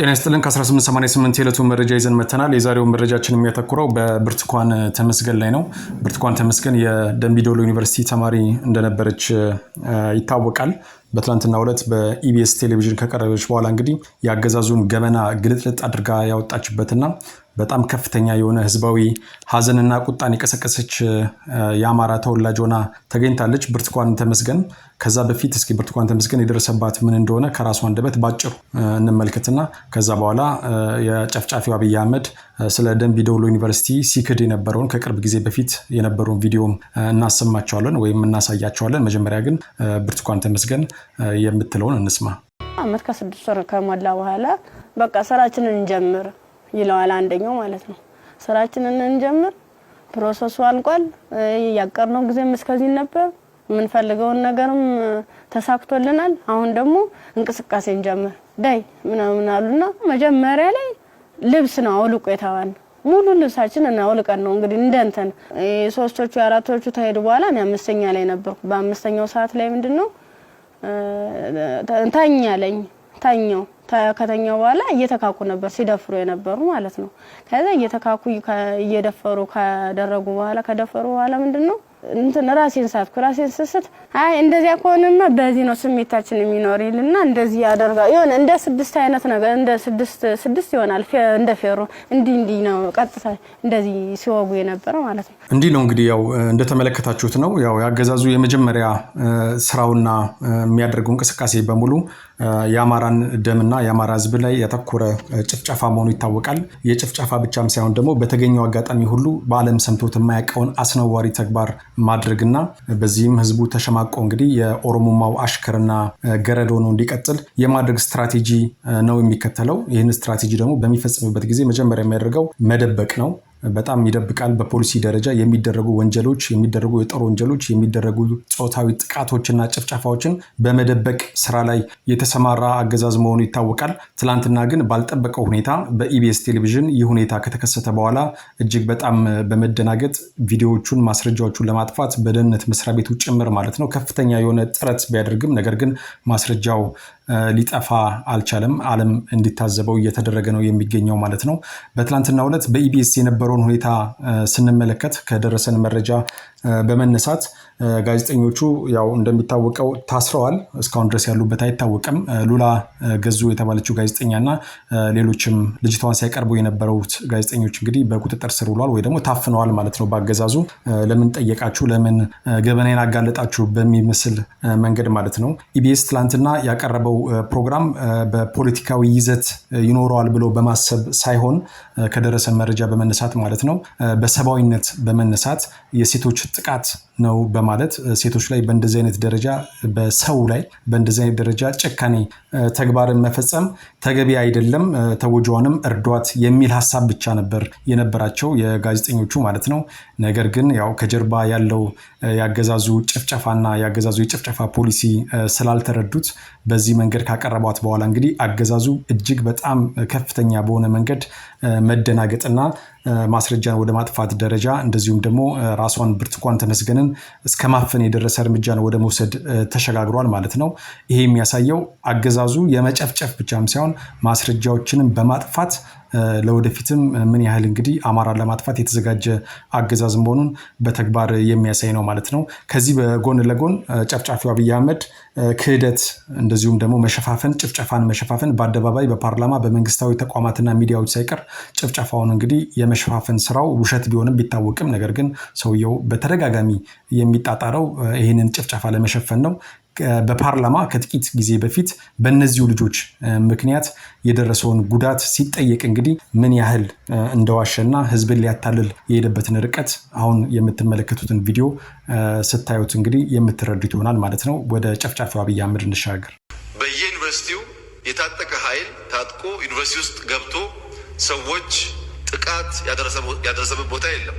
ጤና ይስጥልን ከ1888 የዕለቱ መረጃ ይዘን መተናል። የዛሬው መረጃችን የሚያተኩረው በብርቱካን ተመስገን ላይ ነው። ብርቱካን ተመስገን የደምቢዶሎ ዩኒቨርሲቲ ተማሪ እንደነበረች ይታወቃል። በትላንትና ዕለት በኢቢኤስ ቴሌቪዥን ከቀረበች በኋላ እንግዲህ የአገዛዙን ገበና ግልጥልጥ አድርጋ ያወጣችበትና በጣም ከፍተኛ የሆነ ህዝባዊ ሀዘንና ቁጣን የቀሰቀሰች የአማራ ተወላጅ ሆና ተገኝታለች። ብርቱካን ተመስገን ከዛ በፊት እስኪ ብርቱካን ተመስገን የደረሰባት ምን እንደሆነ ከራሱ አንደበት ባጭሩ እንመልከትና ከዛ በኋላ የጨፍጫፊው አብይ አህመድ ስለ ደምቢ ደውሎ ዩኒቨርሲቲ ሲክድ የነበረውን ከቅርብ ጊዜ በፊት የነበረውን ቪዲዮም እናሰማቸዋለን ወይም እናሳያቸዋለን። መጀመሪያ ግን ብርቱካን ተመስገን የምትለውን እንስማ። አመት ከስድስት ወር ከሞላ በኋላ በቃ ስራችንን እንጀምር ይለዋል አንደኛው ማለት ነው። ስራችንን እንጀምር፣ ፕሮሰሱ አልቋል፣ ያቀርነው ጊዜም እስከዚህ ነበር፣ የምንፈልገውን ነገርም ተሳክቶልናል። አሁን ደግሞ እንቅስቃሴ እንጀምር ዳይ ምናምን አሉና መጀመሪያ ላይ ልብስ ነው አውልቆ የተባልን ሙሉ ልብሳችን እናውልቀን ነው እንግዲህ እንደንተን ሶስቶቹ የአራቶቹ ተሄዱ በኋላ እኔ አምስተኛ ላይ ነበርኩ። በአምስተኛው ሰዓት ላይ ምንድን ነው ታኛለኝ ታኛው ከተኛ በኋላ እየተካኩ ነበር ሲደፍሩ የነበሩ ማለት ነው። ከዛ እየተካኩ እየደፈሩ ከደረጉ በኋላ ከደፈሩ በኋላ ምንድን ነው እንትን ራሴን ሳትኩ። ራሴን ስስት አይ እንደዚያ ከሆነማ በዚህ ነው ስሜታችን የሚኖር ይልና እንደዚህ ያደርጋ ይሆን እንደ ስድስት አይነት ነገር እንደ ስድስት ስድስት ይሆናል እንደ ፌሮ እንዲህ እንዲህ ነው ቀጥታ እንደዚህ ሲወጉ የነበረ ማለት ነው። እንዲህ ነው እንግዲህ ያው እንደተመለከታችሁት ነው ያው ያገዛዙ የመጀመሪያ ስራውና የሚያደርገው እንቅስቃሴ በሙሉ የአማራን ደምና የአማራ ህዝብ ላይ ያተኮረ ጭፍጨፋ መሆኑ ይታወቃል። የጭፍጨፋ ብቻም ሳይሆን ደግሞ በተገኘው አጋጣሚ ሁሉ በዓለም ሰምቶት የማያውቀውን አስነዋሪ ተግባር ማድረግና በዚህም ህዝቡ ተሸማቆ እንግዲህ የኦሮሞማው አሽከርና ገረድ ሆኖ እንዲቀጥል የማድረግ ስትራቴጂ ነው የሚከተለው። ይህን ስትራቴጂ ደግሞ በሚፈጽምበት ጊዜ መጀመሪያ የሚያደርገው መደበቅ ነው። በጣም ይደብቃል። በፖሊሲ ደረጃ የሚደረጉ ወንጀሎች፣ የሚደረጉ የጦር ወንጀሎች፣ የሚደረጉ ጾታዊ ጥቃቶችና ጭፍጨፋዎችን በመደበቅ ስራ ላይ የተሰማራ አገዛዝ መሆኑ ይታወቃል። ትላንትና ግን ባልጠበቀው ሁኔታ በኢቢኤስ ቴሌቪዥን ይህ ሁኔታ ከተከሰተ በኋላ እጅግ በጣም በመደናገጥ ቪዲዮዎቹን፣ ማስረጃዎቹን ለማጥፋት በደህንነት መስሪያ ቤቱ ጭምር ማለት ነው ከፍተኛ የሆነ ጥረት ቢያደርግም ነገር ግን ማስረጃው ሊጠፋ አልቻለም። ዓለም እንዲታዘበው እየተደረገ ነው የሚገኘው ማለት ነው። በትላንትና ዕለት በኢቢኤስ የነበረውን ሁኔታ ስንመለከት ከደረሰን መረጃ በመነሳት ጋዜጠኞቹ ያው እንደሚታወቀው ታስረዋል። እስካሁን ድረስ ያሉበት አይታወቅም። ሉላ ገዙ የተባለችው ጋዜጠኛ እና ሌሎችም ልጅቷን ሲያቀርቡ የነበሩት ጋዜጠኞች እንግዲህ በቁጥጥር ስር ውሏል ወይ ደግሞ ታፍነዋል ማለት ነው። በአገዛዙ ለምን ጠየቃችሁ፣ ለምን ገበናይን አጋለጣችሁ በሚመስል መንገድ ማለት ነው። ኢቢኤስ ትላንትና ያቀረበው ፕሮግራም በፖለቲካዊ ይዘት ይኖረዋል ብሎ በማሰብ ሳይሆን ከደረሰ መረጃ በመነሳት ማለት ነው፣ በሰብአዊነት በመነሳት የሴቶች ጥቃት ነው ማለት ሴቶች ላይ በእንደዚህ አይነት ደረጃ በሰው ላይ በእንደዚህ አይነት ደረጃ ጨካኔ ተግባርን መፈጸም ተገቢ አይደለም፣ ተጎጂዋንም እርዷት የሚል ሀሳብ ብቻ ነበር የነበራቸው የጋዜጠኞቹ ማለት ነው። ነገር ግን ያው ከጀርባ ያለው ያገዛዙ ጭፍጨፋና ያገዛዙ የጭፍጨፋ ፖሊሲ ስላልተረዱት በዚህ መንገድ ካቀረቧት በኋላ እንግዲህ አገዛዙ እጅግ በጣም ከፍተኛ በሆነ መንገድ መደናገጥና ማስረጃን ወደ ማጥፋት ደረጃ እንደዚሁም ደግሞ ራሷን ብርቱካን ተመስገንን እስከ ማፈን የደረሰ እርምጃን ወደ መውሰድ ተሸጋግሯል ማለት ነው። ይሄ የሚያሳየው አገዛዙ የመጨፍጨፍ ብቻም ሳይሆን ማስረጃዎችንም በማጥፋት ለወደፊትም ምን ያህል እንግዲህ አማራን ለማጥፋት የተዘጋጀ አገዛዝ መሆኑን በተግባር የሚያሳይ ነው ማለት ነው። ከዚህ በጎን ለጎን ጨፍጫፊው አብይ አህመድ ክህደት፣ እንደዚሁም ደግሞ መሸፋፈን፣ ጭፍጨፋን መሸፋፈን በአደባባይ በፓርላማ በመንግስታዊ ተቋማትና ሚዲያዎች ሳይቀር ጭፍጨፋውን እንግዲህ የመሸፋፈን ስራው ውሸት ቢሆንም ቢታወቅም ነገር ግን ሰውየው በተደጋጋሚ የሚጣጣረው ይህንን ጭፍጨፋ ለመሸፈን ነው። በፓርላማ ከጥቂት ጊዜ በፊት በእነዚሁ ልጆች ምክንያት የደረሰውን ጉዳት ሲጠየቅ እንግዲህ ምን ያህል እንደዋሸና ሕዝብን ሊያታልል የሄደበትን ርቀት አሁን የምትመለከቱትን ቪዲዮ ስታዩት እንግዲህ የምትረዱት ይሆናል ማለት ነው። ወደ ጨፍጫፊው አብይ አህመድ እንሻገር። በየዩኒቨርሲቲው የታጠቀ ኃይል ታጥቆ ዩኒቨርሲቲ ውስጥ ገብቶ ሰዎች ጥቃት ያደረሰበት ቦታ የለም።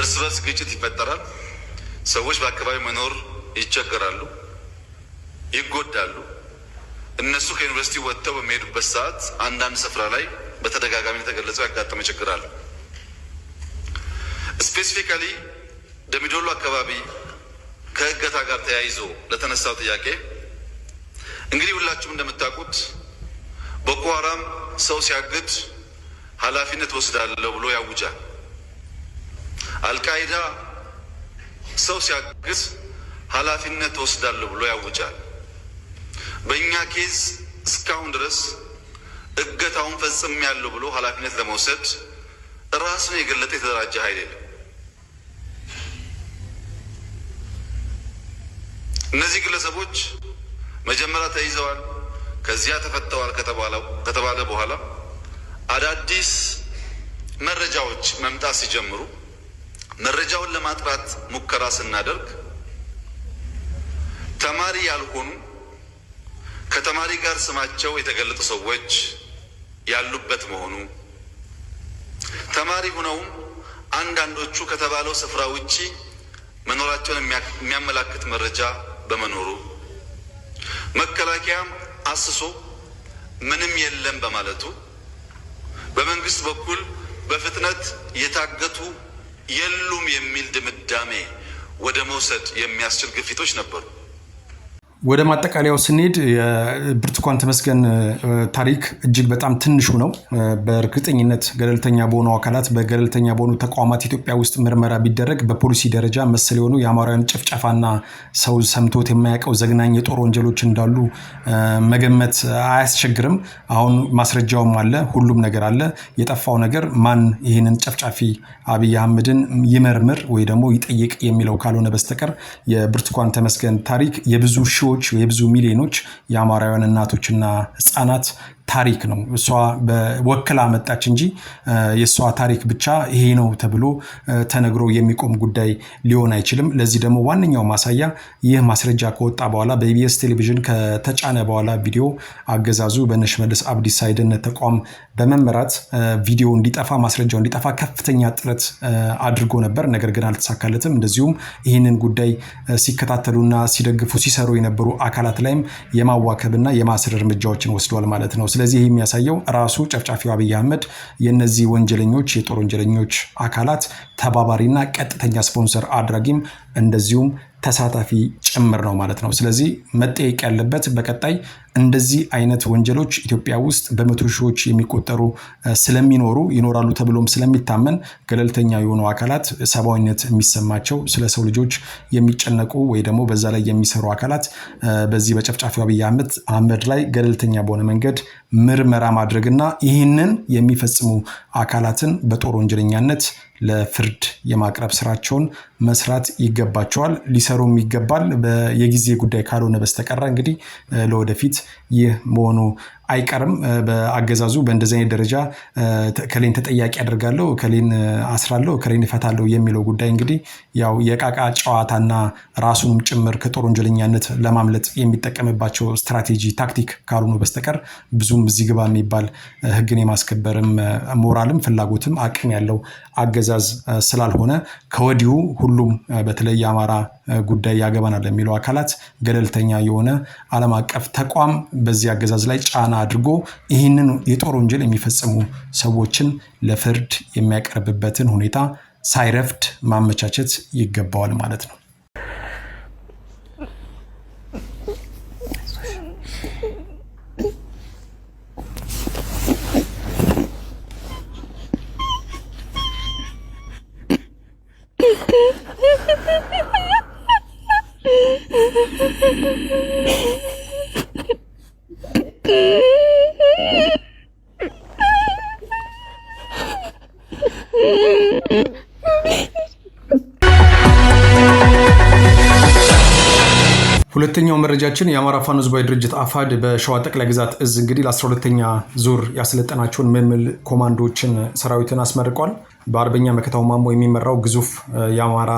እርስ በርስ ግጭት ይፈጠራል። ሰዎች በአካባቢ መኖር ይቸገራሉ፣ ይጎዳሉ። እነሱ ከዩኒቨርሲቲ ወጥተው በሚሄዱበት ሰዓት አንዳንድ ስፍራ ላይ በተደጋጋሚ የተገለጸው ያጋጠመ ችግር አለ። ስፔሲፊካሊ ደሚዶሎ አካባቢ ከእገታ ጋር ተያይዞ ለተነሳው ጥያቄ እንግዲህ ሁላችሁም እንደምታውቁት ቦኮ ሀራም ሰው ሲያግድ ኃላፊነት ወስዳለሁ ብሎ ያውጃል። አልቃይዳ ሰው ሲያግዝ ኃላፊነት ወስዳለሁ ብሎ ያውጃል። በእኛ ኬዝ እስካሁን ድረስ እገታውን ፈጽሜያለሁ ብሎ ኃላፊነት ለመውሰድ ራሱን የገለጠ የተደራጀ ኃይል የለም። እነዚህ ግለሰቦች መጀመሪያ ተይዘዋል፣ ከዚያ ተፈተዋል ከተባለ በኋላ አዳዲስ መረጃዎች መምጣት ሲጀምሩ መረጃውን ለማጥራት ሙከራ ስናደርግ ተማሪ ያልሆኑ ከተማሪ ጋር ስማቸው የተገለጡ ሰዎች ያሉበት መሆኑ ተማሪ ሆነውም አንዳንዶቹ ከተባለው ስፍራ ውጪ መኖራቸውን የሚያመላክት መረጃ በመኖሩ መከላከያም አስሶ ምንም የለም በማለቱ በመንግስት በኩል በፍጥነት የታገቱ የሉም የሚል ድምዳሜ ወደ መውሰድ የሚያስችል ግፊቶች ነበሩ። ወደ ማጠቃለያው ስንሄድ የብርቱካን ተመስገን ታሪክ እጅግ በጣም ትንሹ ነው። በእርግጠኝነት ገለልተኛ በሆኑ አካላት በገለልተኛ በሆኑ ተቋማት ኢትዮጵያ ውስጥ ምርመራ ቢደረግ በፖሊሲ ደረጃ መሰል የሆኑ የአማራውያን ጭፍጨፋና ሰው ሰምቶት የማያውቀው ዘግናኝ የጦር ወንጀሎች እንዳሉ መገመት አያስቸግርም። አሁን ማስረጃውም አለ፣ ሁሉም ነገር አለ። የጠፋው ነገር ማን ይህንን ጨፍጫፊ አብይ አህመድን ይመርምር ወይ ደግሞ ይጠይቅ የሚለው ካልሆነ በስተቀር የብርቱካን ተመስገን ታሪክ የብዙ ሺዎች የብዙ ሚሊዮኖች የአማራውያን እናቶችና ህጻናት ታሪክ ነው። እሷ ወክላ መጣች እንጂ የእሷ ታሪክ ብቻ ይሄ ነው ተብሎ ተነግሮ የሚቆም ጉዳይ ሊሆን አይችልም። ለዚህ ደግሞ ዋነኛው ማሳያ ይህ ማስረጃ ከወጣ በኋላ በኢቢኤስ ቴሌቪዥን ከተጫነ በኋላ ቪዲዮ አገዛዙ በእነ ሽመልስ አብዲሳ የደህንነት ተቋም በመመራት ቪዲዮ እንዲጠፋ ማስረጃው እንዲጠፋ ከፍተኛ ጥረት አድርጎ ነበር። ነገር ግን አልተሳካለትም። እንደዚሁም ይህንን ጉዳይ ሲከታተሉና ሲደግፉ ሲሰሩ የነበሩ አካላት ላይም የማዋከብና የማስር እርምጃዎችን ወስዷል ማለት ነው። ስለዚህ የሚያሳየው ራሱ ጨፍጫፊው አብይ አህመድ የነዚህ ወንጀለኞች የጦር ወንጀለኞች አካላት ተባባሪና ቀጥተኛ ስፖንሰር አድራጊም እንደዚሁም ተሳታፊ ጭምር ነው ማለት ነው። ስለዚህ መጠየቅ ያለበት በቀጣይ እንደዚህ አይነት ወንጀሎች ኢትዮጵያ ውስጥ በመቶ ሺዎች የሚቆጠሩ ስለሚኖሩ ይኖራሉ ተብሎም ስለሚታመን ገለልተኛ የሆኑ አካላት ሰብአዊነት የሚሰማቸው ስለ ሰው ልጆች የሚጨነቁ ወይ ደግሞ በዛ ላይ የሚሰሩ አካላት በዚህ በጨፍጫፊው አብይ አህመድ ላይ ገለልተኛ በሆነ መንገድ ምርመራ ማድረግና ይህንን የሚፈጽሙ አካላትን በጦር ወንጀለኛነት ለፍርድ የማቅረብ ስራቸውን መስራት ይገባቸዋል፣ ሊሰሩም ይገባል። የጊዜ ጉዳይ ካልሆነ በስተቀረ እንግዲህ ለወደፊት ይህ መሆኑ አይቀርም በአገዛዙ በእንደዚህ አይነት ደረጃ ከሌን ተጠያቂ አደርጋለሁ፣ ከሌን አስራለሁ፣ ከሌን እፈታለሁ የሚለው ጉዳይ እንግዲህ ያው የቃቃ ጨዋታና ራሱንም ጭምር ከጦር ወንጀለኛነት ለማምለጥ የሚጠቀምባቸው ስትራቴጂ ታክቲክ ካልሆኑ በስተቀር ብዙም እዚህ ግባ የሚባል ህግን የማስከበርም ሞራልም ፍላጎትም አቅም ያለው አገዛዝ ስላልሆነ ከወዲሁ ሁሉም በተለይ የአማራ ጉዳይ ያገባናል የሚለው አካላት ገለልተኛ የሆነ ዓለም አቀፍ ተቋም በዚህ አገዛዝ ላይ ጫና አድርጎ ይህንን የጦር ወንጀል የሚፈጽሙ ሰዎችን ለፍርድ የሚያቀርብበትን ሁኔታ ሳይረፍድ ማመቻቸት ይገባዋል ማለት ነው። Mm-hmm. ሁለተኛው መረጃችን የአማራ ፋኖ ህዝባዊ ድርጅት አፋድ በሸዋ ጠቅላይ ግዛት እዝ እንግዲህ ለ12ተኛ ዙር ያስለጠናቸውን ምልምል ኮማንዶዎችን ሰራዊትን አስመርቋል። በአርበኛ መከታው ማሞ የሚመራው ግዙፍ የአማራ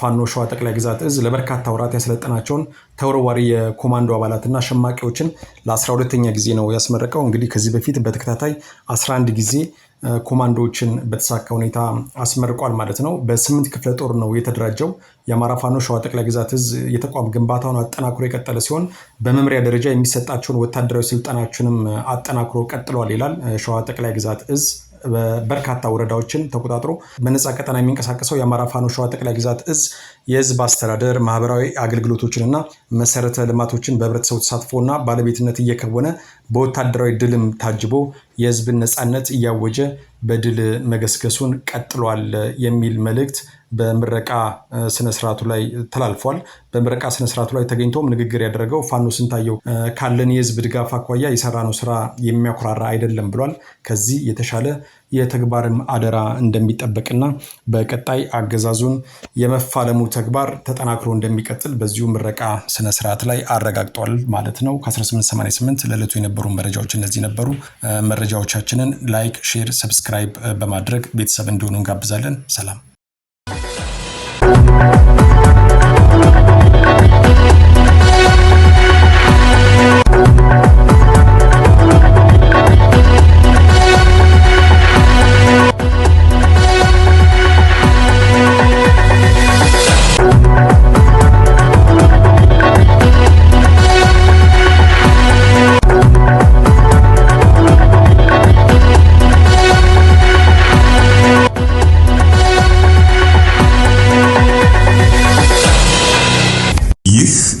ፋኖ ሸዋ ጠቅላይ ግዛት እዝ ለበርካታ ወራት ያስለጠናቸውን ተወርዋሪ የኮማንዶ አባላትና ሸማቂዎችን ለ12ተኛ ጊዜ ነው ያስመረቀው። እንግዲህ ከዚህ በፊት በተከታታይ 11 ጊዜ ኮማንዶዎችን በተሳካ ሁኔታ አስመርቋል ማለት ነው። በስምንት ክፍለ ጦር ነው የተደራጀው። የአማራ ፋኖ ሸዋ ጠቅላይ ግዛት እዝ የተቋም ግንባታውን አጠናክሮ የቀጠለ ሲሆን በመምሪያ ደረጃ የሚሰጣቸውን ወታደራዊ ስልጠናዎችንም አጠናክሮ ቀጥሏል ይላል ሸዋ ጠቅላይ ግዛት እዝ በርካታ ወረዳዎችን ተቆጣጥሮ በነፃ ቀጠና የሚንቀሳቀሰው የአማራ ፋኖ ሸዋ ጠቅላይ ግዛት እዝ የህዝብ አስተዳደር ማህበራዊ አገልግሎቶችንና መሰረተ ልማቶችን በህብረተሰቡ ተሳትፎና ባለቤትነት እየከወነ በወታደራዊ ድልም ታጅቦ የህዝብን ነፃነት እያወጀ በድል መገስገሱን ቀጥሏል የሚል መልእክት በምረቃ ስነስርዓቱ ላይ ተላልፏል። በምረቃ ስነስርዓቱ ላይ ተገኝቶም ንግግር ያደረገው ፋኖ ስንታየው ካለን የህዝብ ድጋፍ አኳያ የሰራነው ስራ የሚያኮራራ አይደለም ብሏል። ከዚህ የተሻለ የተግባርም አደራ እንደሚጠበቅና በቀጣይ አገዛዙን የመፋለሙ ተግባር ተጠናክሮ እንደሚቀጥል በዚሁ ምረቃ ስነስርዓት ላይ አረጋግጧል ማለት ነው። ከ1888 ለዕለቱ የነበሩ መረጃዎች እነዚህ ነበሩ። መረጃዎቻችንን ላይክ፣ ሼር፣ ሰብስክራይብ በማድረግ ቤተሰብ እንዲሆኑ እንጋብዛለን። ሰላም